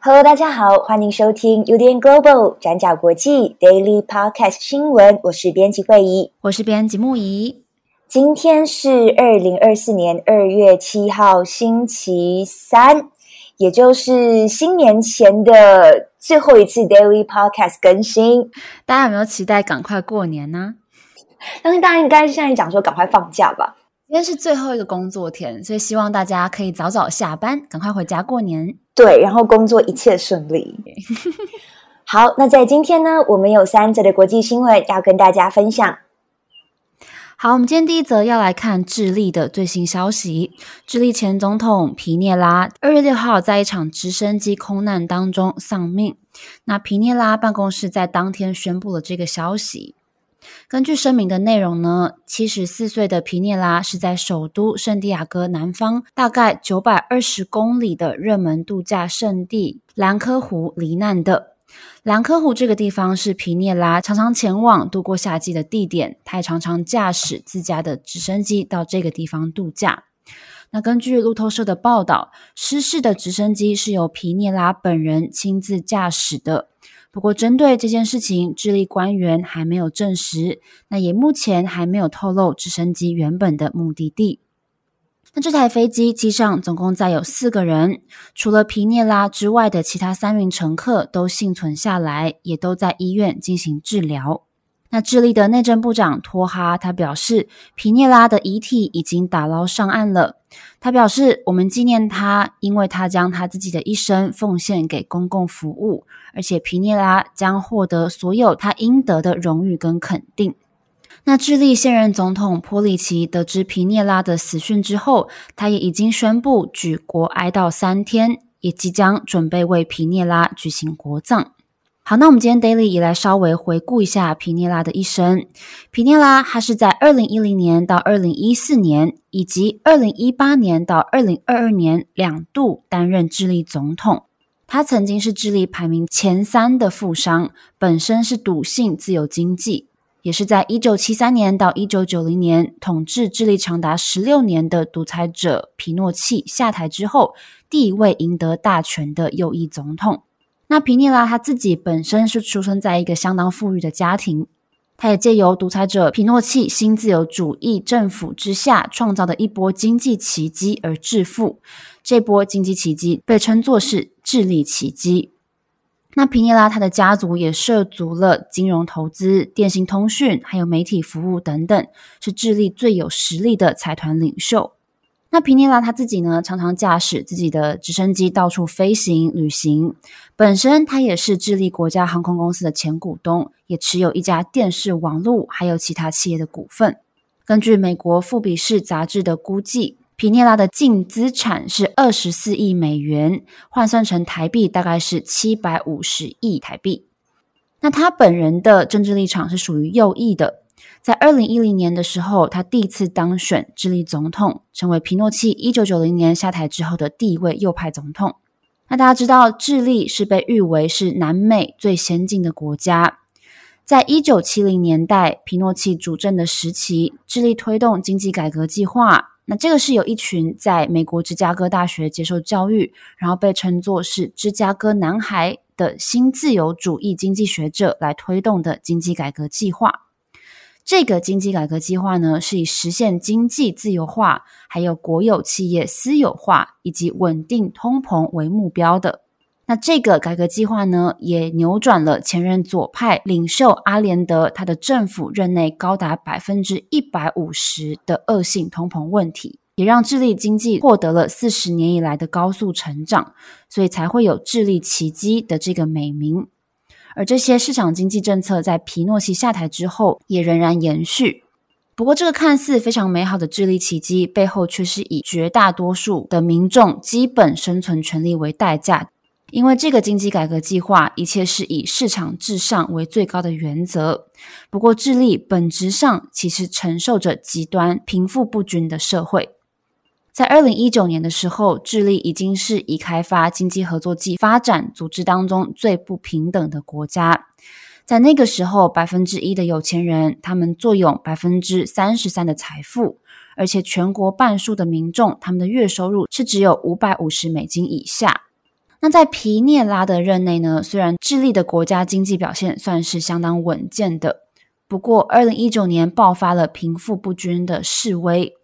Hello，大家好，歡迎收聽 UDN Global 轉角國際 Daily Podcast 新聞。我是編輯慧儀，我是編輯牧宜。今天是二零二四年二月七號，星期三。也就是新年前的最後一次 Daily Podcast 更新，大家有沒有期待趕快過年呢、啊？但當然，大家應該現在講說趕快放假吧。今天是最後一個工作天，所以希望大家可以早早下班，趕快回家過年。對，然後工作一切順利。Okay. 好，那在今天呢，我們有三則的國際新聞要跟大家分享。好，我們今天第一則要來看智利的最新消息。智利前總統皮涅拉二月六號在一場直升機空難當中喪命。那皮涅拉辦公室在當天宣布了這個消息。根據聲明的內容呢，七十四歲的皮涅拉是在首都聖地亞哥南方大概九百二十公里的熱門度假勝地蘭科湖罹難的。蘭科湖這個地方是皮涅拉常常前往度過夏季的地點，他也常常駕駛自家的直升機到這個地方度假。那根據路透社的報道，失事的直升機是由皮涅拉本人親自駕駛的。不過，針對這件事情，智利官員還沒有證實，那也目前還沒有透露直升機原本的目的地。那這台飛機機上總共載有四個人，除了皮涅拉之外的其他三名乘客都倖存下來，也都在醫院進行治療。那智利的內政部長托哈他表示，皮涅拉的遺體已經打撈上岸了。他表示，我們紀念他，因為他將他自己的一生奉獻給公共服務，而且皮涅拉將獲得所有他應得的榮譽跟肯定。那智利現任總統柏瑞克得知皮涅拉的死訊之後，他也已經宣布舉國哀悼三天，也即將準備為皮涅拉舉行國葬。好，那我們今天 daily 也來稍微回顧一下皮涅拉的一生。皮涅拉他是在2010年到2014年以及2018年到2022年兩度擔任智利總統。他曾經是智利排名前三的富商，本身是篤信自由經濟。也是在1973年到1990年統治智利長達16年的獨裁者皮諾契下台之後，第一位贏得大權的右翼總統。那皮涅拉他自己本身是出生在一個相當富裕的家庭，他也借由獨裁者皮諾契新自由主義政府之下創造的一波經濟奇蹟而致富。這波經濟奇蹟被稱作是智利奇蹟。那皮涅拉他的家族也涉足了金融投資、電信通訊、還有媒體服務等等，是智利最有實力的財團領袖。那皮涅拉他自己呢，常常駕駛自己的直升機到處飛行旅行。本身他也是智利國家航空公司的前股東，也持有一家電視網絡還有其他企業的股份。根據美國《富比士》雜誌的估計，皮涅拉的淨資產是二十四億美元，換算成台幣大概是七百五十億台幣。那他本人的政治立場是屬於右翼的。在二零一零年的時候，他第一次當選智利總統，成為皮諾契一九九零年下台之後的第一位右派總統。那大家知道，智利是被譽為是南美最先進的國家。在一九七零年代，皮諾契主政的時期，智利推動經濟改革計劃。那這個是有一群在美國芝加哥大學接受教育，然後被稱作是“芝加哥男孩”的新自由主義經濟學者來推動的經濟改革計劃。這個經濟改革計劃呢，是以實現經濟自由化、還有國有企業私有化以及穩定通膨為目標的。那這個改革計劃呢，也扭轉了前任左派領袖阿連德他的政府任內高達百分之一百五十的惡性通膨問題，也讓智利經濟獲得了四十年以來的高速成長，所以才會有智利奇蹟的這個美名。而這些市場經濟政策在皮諾契下台之後也仍然延續。不過，這個看似非常美好的智利奇蹟背後，卻是以絕大多數的民眾基本生存權利為代價。因為這個經濟改革計劃，一切是以市場至上為最高的原則。不過，智利本質上其實承受着極端貧富不均的社會。在二零一九年的時候，智利已經是已開發經濟合作暨發展組織當中最不平等的國家。在那個時候，百分之一的有錢人，他們坐擁百分之三十三的財富，而且全國半數的民眾，他們的月收入是只有五百五十美金以下。那在皮涅拉的任內呢，雖然智利的國家經濟表現算是相當穩健的，不過二零一九年爆發了貧富不均的示威，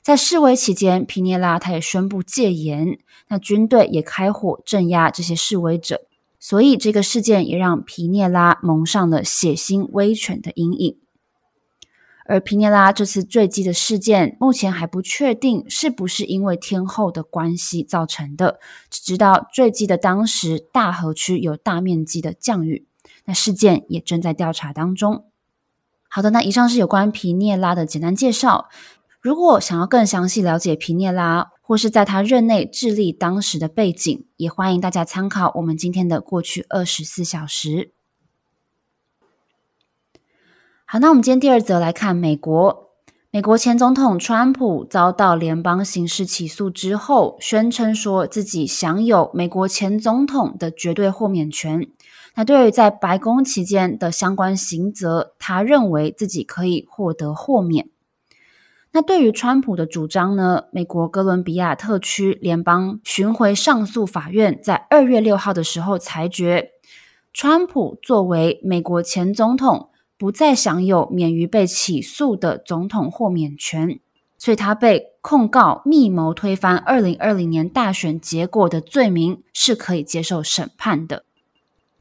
在示威期間，皮涅拉他也宣布戒嚴，那軍隊也開火鎮壓這些示威者，所以這個事件也讓皮涅拉蒙上了血腥威權的陰影。而皮涅拉這次墜機的事件，目前還不確定是不是因為天候的關係造成的。只知道墜機的當時，大河區有大面積的降雨。那事件也正在調查當中。好的，那以上是有關皮涅拉的簡單介紹。如果想要更詳細了解皮涅拉，或是在他任內智利當時的背景，也歡迎大家參考我們今天的過去二十四小時。好，那我們今天第二則來看美國。美國前總統川普遭到聯邦刑事起訴之後，宣稱說自己享有美國前總統的絕對豁免權。那對於在白宮期間的相關刑責，他認為自己可以獲得豁免。那對於川普的主張呢，美國哥倫比亞特區聯邦巡回上訴法院在二月六號的時候裁決，川普作為美國前總統，不再享有免於被起訴的總統豁免權，所以他被控告密謀推翻二零二零年大選結果的罪名是可以接受審判的。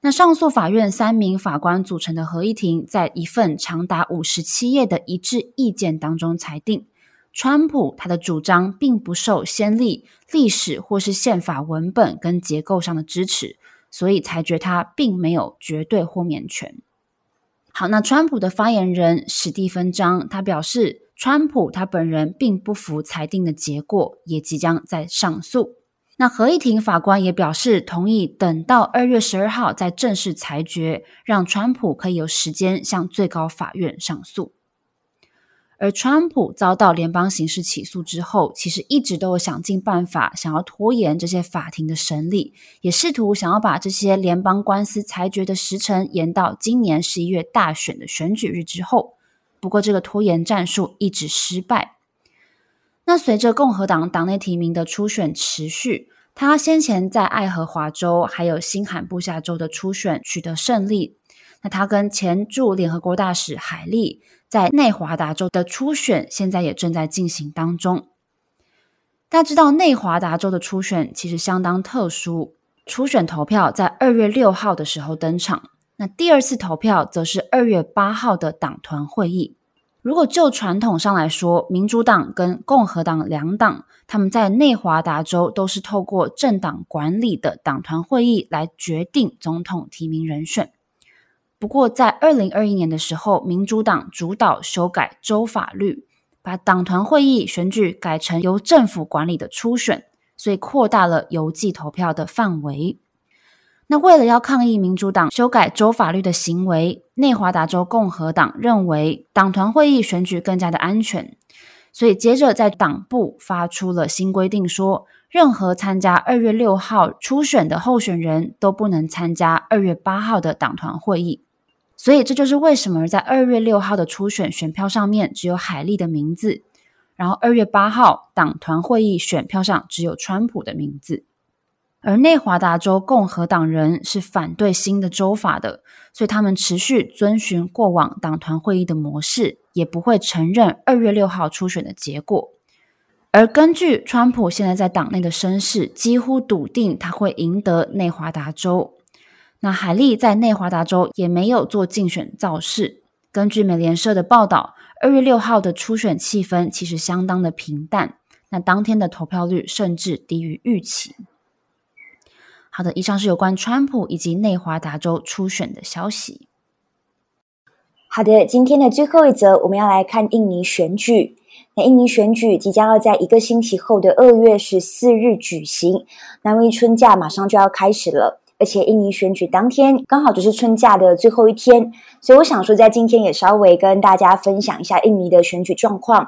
那上訴法院三名法官組成的合議庭在一份長達五十七頁的一致意見當中裁定，川普他的主張並不受先例、歷史或是憲法文本跟結構上的支持，所以裁決他並沒有絕對豁免權。好，那川普的發言人史帝芬張他表示，川普他本人並不服裁定的結果，也即將再上訴。那合議庭法官也表示同意，等到二月十二號再正式裁決，讓川普可以有時間向最高法院上訴。而川普遭到聯邦刑事起訴之後，其實一直都有想盡辦法想要拖延這些法庭的審理，也試圖想要把這些聯邦官司裁決的時程延到今年十一月大選的選舉日之後。不過這個拖延戰術一直失敗。那隨着共和黨黨內提名的初選持續，他先前在愛荷華州還有新罕布夏州的初選取得勝利。那他跟前駐聯合國大使海利。在內華達州的初選現在也正在進行當中。大家知道，內華達州的初選其實相當特殊，初選投票在二月六號的時候登場，那第二次投票則是二月八號的黨團會議。如果就傳統上來說，民主黨跟共和黨兩黨，他們在內華達州都是透過政黨管理的黨團會議來決定總統提名人選。不過，在二零二一年的時候，民主黨主導修改州法律，把黨團會議選舉改成由政府管理的初選，所以擴大了郵寄投票的範圍。那為了要抗議民主黨修改州法律的行為，內華達州共和黨認為黨團會議選舉更加的安全，所以接着在黨部發出了新規定說，說任何參加二月六號初選的候選人都不能參加二月八號的黨團會議。所以這就是為什麼在二月六號的初選選票上面只有海莉的名字，然後二月八號黨團會議選票上只有川普的名字。而內華達州共和黨人是反對新的州法的，所以他們持續遵循過往黨團會議的模式，也不會承認二月六號初選的結果。而根據川普現在在黨內的聲勢，幾乎篤定他會贏得內華達州。那海利在內華達州也沒有做競選造勢。根據美聯社的報道，二月六號的初選氣氛其實相當的平淡。那當天的投票率甚至低於預期。好的，以上是有關川普以及內華達州初選的消息。好的，今天的最後一則，我們要來看印尼選舉。那印尼選舉即將要在一個星期後的二月十四日舉行，難為春假馬上就要開始了。而且印尼選舉當天剛好就是春假的最後一天，所以我想說，在今天也稍微跟大家分享一下印尼的選舉狀況。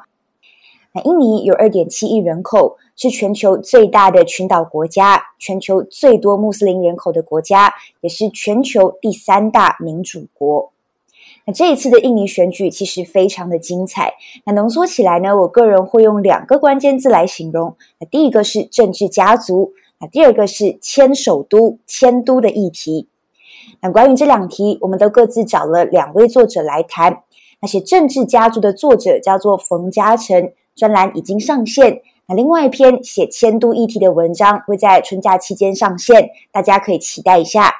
那印尼有二點七億人口，是全球最大的群島國家，全球最多穆斯林人口的國家，也是全球第三大民主國。那這一次的印尼選舉其實非常的精彩。那濃縮起來呢，我個人會用兩個關鍵字來形容。那第一個是政治家族。那第二個是遷首都，遷都的議題。那關於這兩題，我們都各自找了兩位作者來談。那寫政治家族的作者叫做馮嘉誠，專欄已經上線。那另外一篇寫遷都議題的文章會在春假期間上線，大家可以期待一下。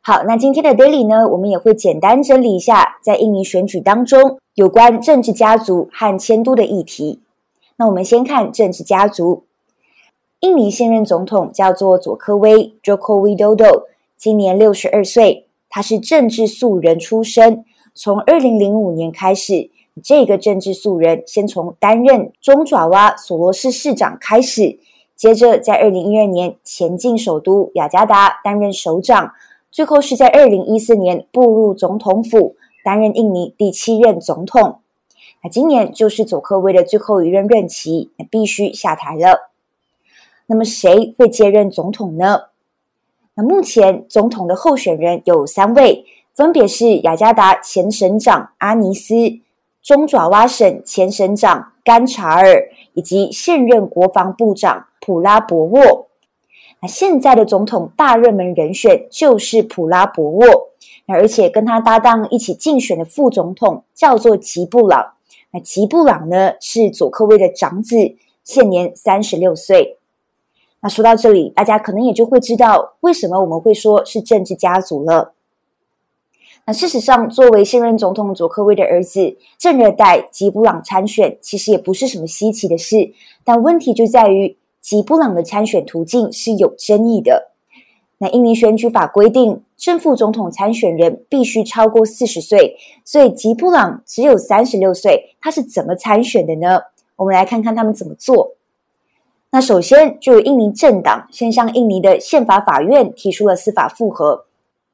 好，那今天的 Daily 呢，我們也會簡單整理一下在印尼選舉當中有關政治家族和遷都的議題。那我們先看政治家族。印尼現任總統叫做佐科威 （Joko Widodo），今年六十二歲。他是政治素人出身，從二零零五年開始，這個政治素人先從擔任中爪哇索羅市市長開始，接着在二零一二年前進首都雅加達擔任首長，最後是在二零一四年步入總統府擔任印尼第七任總統。那今年就是佐科威的最後一任任期，那必須下台了。那麼誰會接任總統呢？那目前總統的候選人有三位，分別是雅加達前省長阿尼斯、中爪哇省前省長甘查爾以及現任國防部長普拉伯沃。那現在的總統大熱門人選就是普拉伯沃，那而且跟他搭檔一起競選的副總統叫做吉布朗。那吉布朗呢，是佐科威的長子，現年三十六歲。那說到這裡，大家可能也就會知道為什麼我們會說是政治家族了。那事實上，作為現任總統佐科威的兒子，政二代吉布朗參選其實也不是什麼稀奇的事。但問題就在於吉布朗的參選途徑是有爭議的。那印尼選舉法規定，正副總統參選人必須超過四十歲，所以吉布朗只有三十六歲，他是怎麼參選的呢？我們來看看他們怎麼做。那首先，就有印尼政黨先向印尼的憲法法院提出了司法覆核，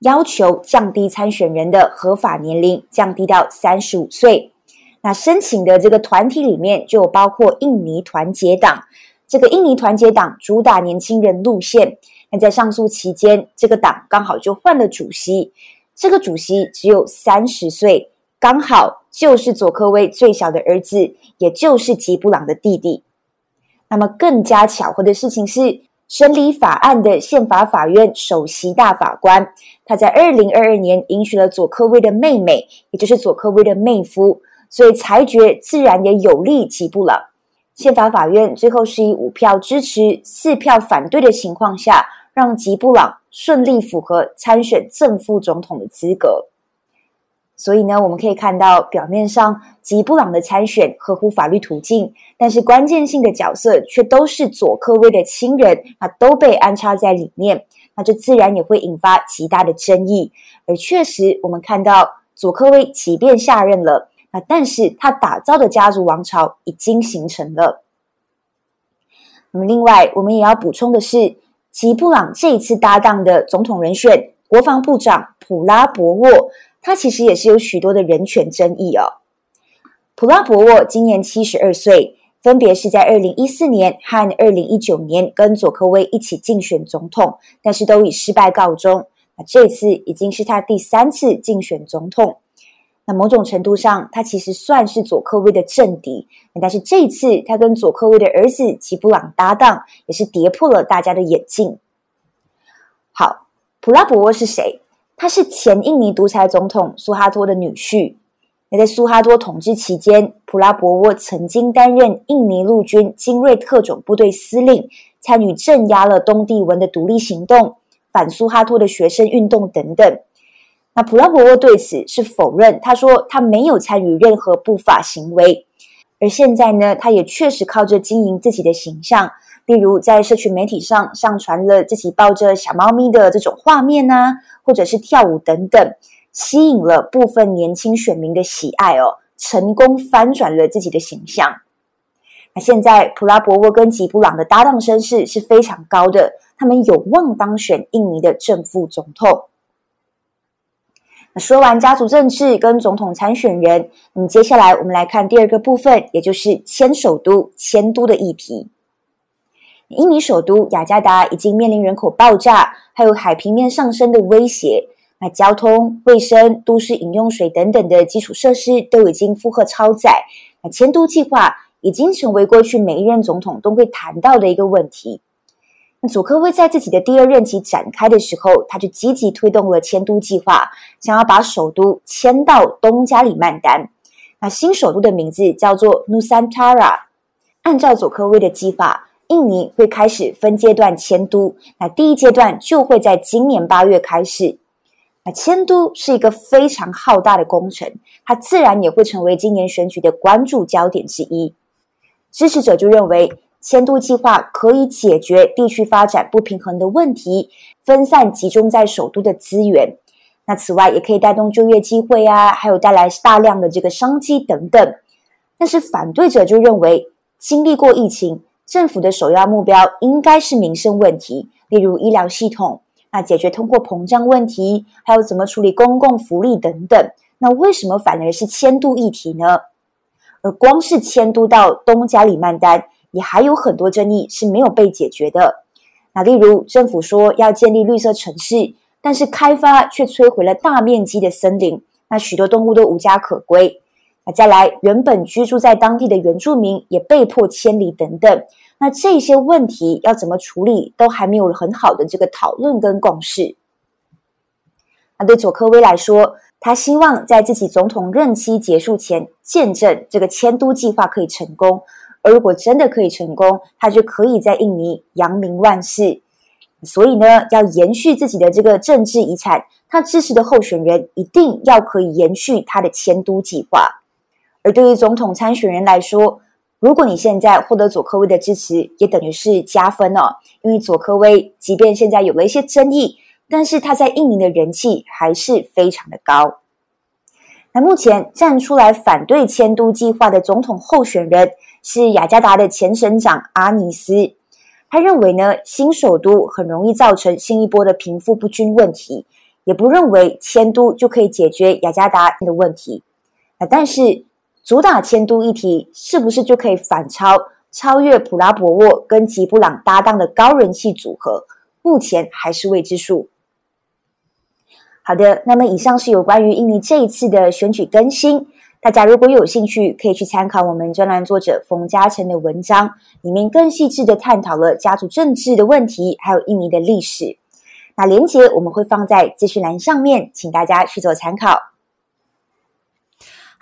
要求降低參選人的合法年齡，降低到三十五歲。那申請的這個團體裡面就包括印尼團結黨。這個印尼團結黨主打年輕人路線。那在上訴期間，這個黨剛好就換了主席，這個主席只有三十歲，剛好就是佐科威最小的兒子，也就是吉布朗的弟弟。那麼更加巧合的事情是，審理法案的憲法法院首席大法官，他在二零二二年迎娶了佐科威的妹妹，也就是佐科威的妹夫，所以裁決自然也有利吉布朗。憲法法院最後是以五票支持、四票反對的情況下，讓吉布朗順利符合參選正副總統的資格。所以呢，我們可以看到，表面上吉布朗的參選合乎法律途徑，但是關鍵性的角色卻都是佐科威的親人，那都被安插在裡面，那這自然也會引發極大的爭議。而確實，我們看到佐科威即便下任了，那但是他打造的家族王朝已經形成了。那麼，另外我們也要補充的是，吉布朗這一次搭檔的總統人選，國防部長普拉伯沃。他其實也是有許多的人權爭議哦。普拉伯沃今年七十二歲，分別是在二零一四年和二零一九年跟佐科威一起競選總統，但是都以失敗告終。那這次已經是他第三次競選總統。那某種程度上，他其實算是佐科威的政敵。但是這一次他跟佐科威的兒子吉布朗搭檔，也是跌破了大家的眼鏡。好，普拉伯沃是誰？他是前印尼獨裁總統蘇哈托的女婿。那在蘇哈托統治期間，普拉伯沃曾經擔任印尼陸軍精銳特種部隊司令，參與鎮壓了東帝汶的獨立行動、反蘇哈托的學生運動等等。那普拉伯沃對此是否認，他說他沒有參與任何不法行為。而現在呢，他也確實靠着經營自己的形象。例如，在社群媒體上上傳了自己抱着小貓咪的這種畫面呢、啊，或者是跳舞等等，吸引了部分年輕選民的喜愛哦，成功翻轉了自己的形象。那現在普拉伯沃跟吉布朗的搭檔聲勢是非常高的，他們有望當選印尼的正副總統。那說完家族政治跟總統參選人，你們接下來我們來看第二個部分，也就是遷首都、遷都的議題。印尼首都雅加達已經面臨人口爆炸，還有海平面上升的威脅。那交通、衛生、都市飲用水等等的基礎設施都已經負荷超載。那遷都計劃已經成為過去每一任總統都會談到的一個問題。那佐科威在自己的第二任期展開的時候，他就積極推動了遷都計劃，想要把首都遷到東加里曼丹。那新首都的名字叫做努桑塔拉。按照佐科威的計劃，印尼會開始分階段遷都，那第一階段就會在今年八月開始。那遷都是一個非常浩大的工程，它自然也會成為今年選舉的關注焦點之一。支持者就認為，遷都計劃可以解決地區發展不平衡的問題，分散集中在首都的資源。那此外也可以帶動就業機會啊，還有帶來大量的這個商機等等。但是反對者就認為，經歷過疫情，政府的首要目標應該是民生問題，例如醫療系統，那解決通貨膨脹問題，還有怎麼處理公共福利等等。那為什麼反而是遷都議題呢？而光是遷都到東加里曼丹，也還有很多爭議是沒有被解決的。那例如政府說要建立綠色城市，但是開發卻摧毀了大面積的森林，那許多動物都無家可歸再來，原本居住在當地的原住民也被迫遷離等等，那這些問題要怎麼處理，都還沒有很好的這個討論跟共識。那對佐科威來說，他希望在自己總統任期結束前，見證這個遷都計劃可以成功。而如果真的可以成功，他就可以在印尼揚名萬世。所以呢，要延續自己的這個政治遺產，他支持的候選人一定要可以延續他的遷都計劃。而對於總統參選人來說，如果你現在獲得佐科威的支持，也等於是加分哦。因為佐科威即便現在有了一些爭議，但是他在印尼的人氣還是非常的高。那目前站出來反對遷都計劃的總統候選人是雅加達的前省長阿尼斯，他認為呢，新首都很容易造成新一波的貧富不均問題，也不認為遷都就可以解決雅加達的問題。啊，但是。主打遷都議題，是不是就可以反超超越普拉伯沃跟吉布朗搭檔的高人氣組合？目前還是未知數。好的，那麼以上是有關於印尼這一次的選舉更新。大家如果有興趣，可以去參考我們專欄作者馮嘉誠的文章，裡面更細緻地探討了家族政治的問題，還有印尼的歷史。那連結我們會放在資訊欄上面，請大家去做參考。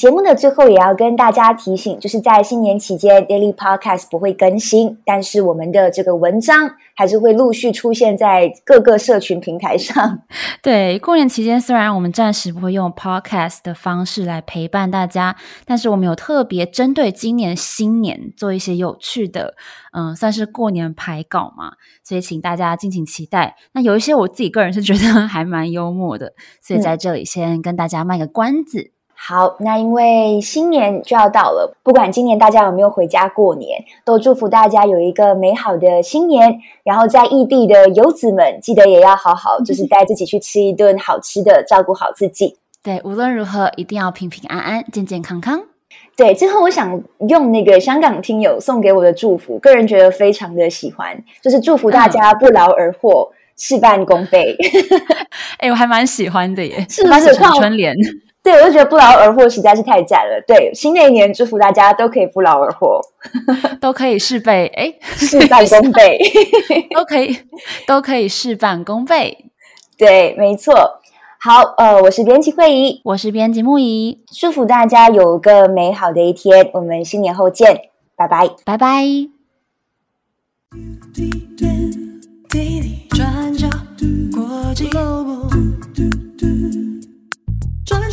節目的最後也要跟大家提醒，就是在新年期間，Daily Podcast 不會更新，但是我們的這個文章還是會陸續出現在各個社群平台上。對，過年期間雖然我們暫時不會用 Podcast 的方式來陪伴大家，但是我們有特別針對今年新年做一些有趣的，嗯、呃，算是過年排稿嘛，所以請大家敬請期待。那有一些我自己個人是覺得還蠻幽默的，所以在這裡先跟大家賣個關子。嗯好，那因為新年就要到了，不管今年大家有沒有回家過年，都祝福大家有一個美好的新年。然後在異地的游子們，記得也要好好，就是帶自己去吃一頓好吃的，嗯、照顧好自己。對，無論如何，一定要平平安安、健健康康。對，最後我想用那個香港聽友送給我的祝福，個人覺得非常的喜歡，就是祝福大家不勞而獲，嗯、事半功倍。哎、 欸，我還蠻喜歡的耶，他是嗎春聯。 對，我就覺得不勞而獲實在是太慘了。對，新的一年祝福大家都可以不勞而獲， 都可以事倍哎事半功倍， 都可以都可以事半功倍。對，沒錯。好，呃，我是編輯慧儀，我是編輯牧宜，祝福大家有個美好的一天。我們新年後見，拜拜，拜拜。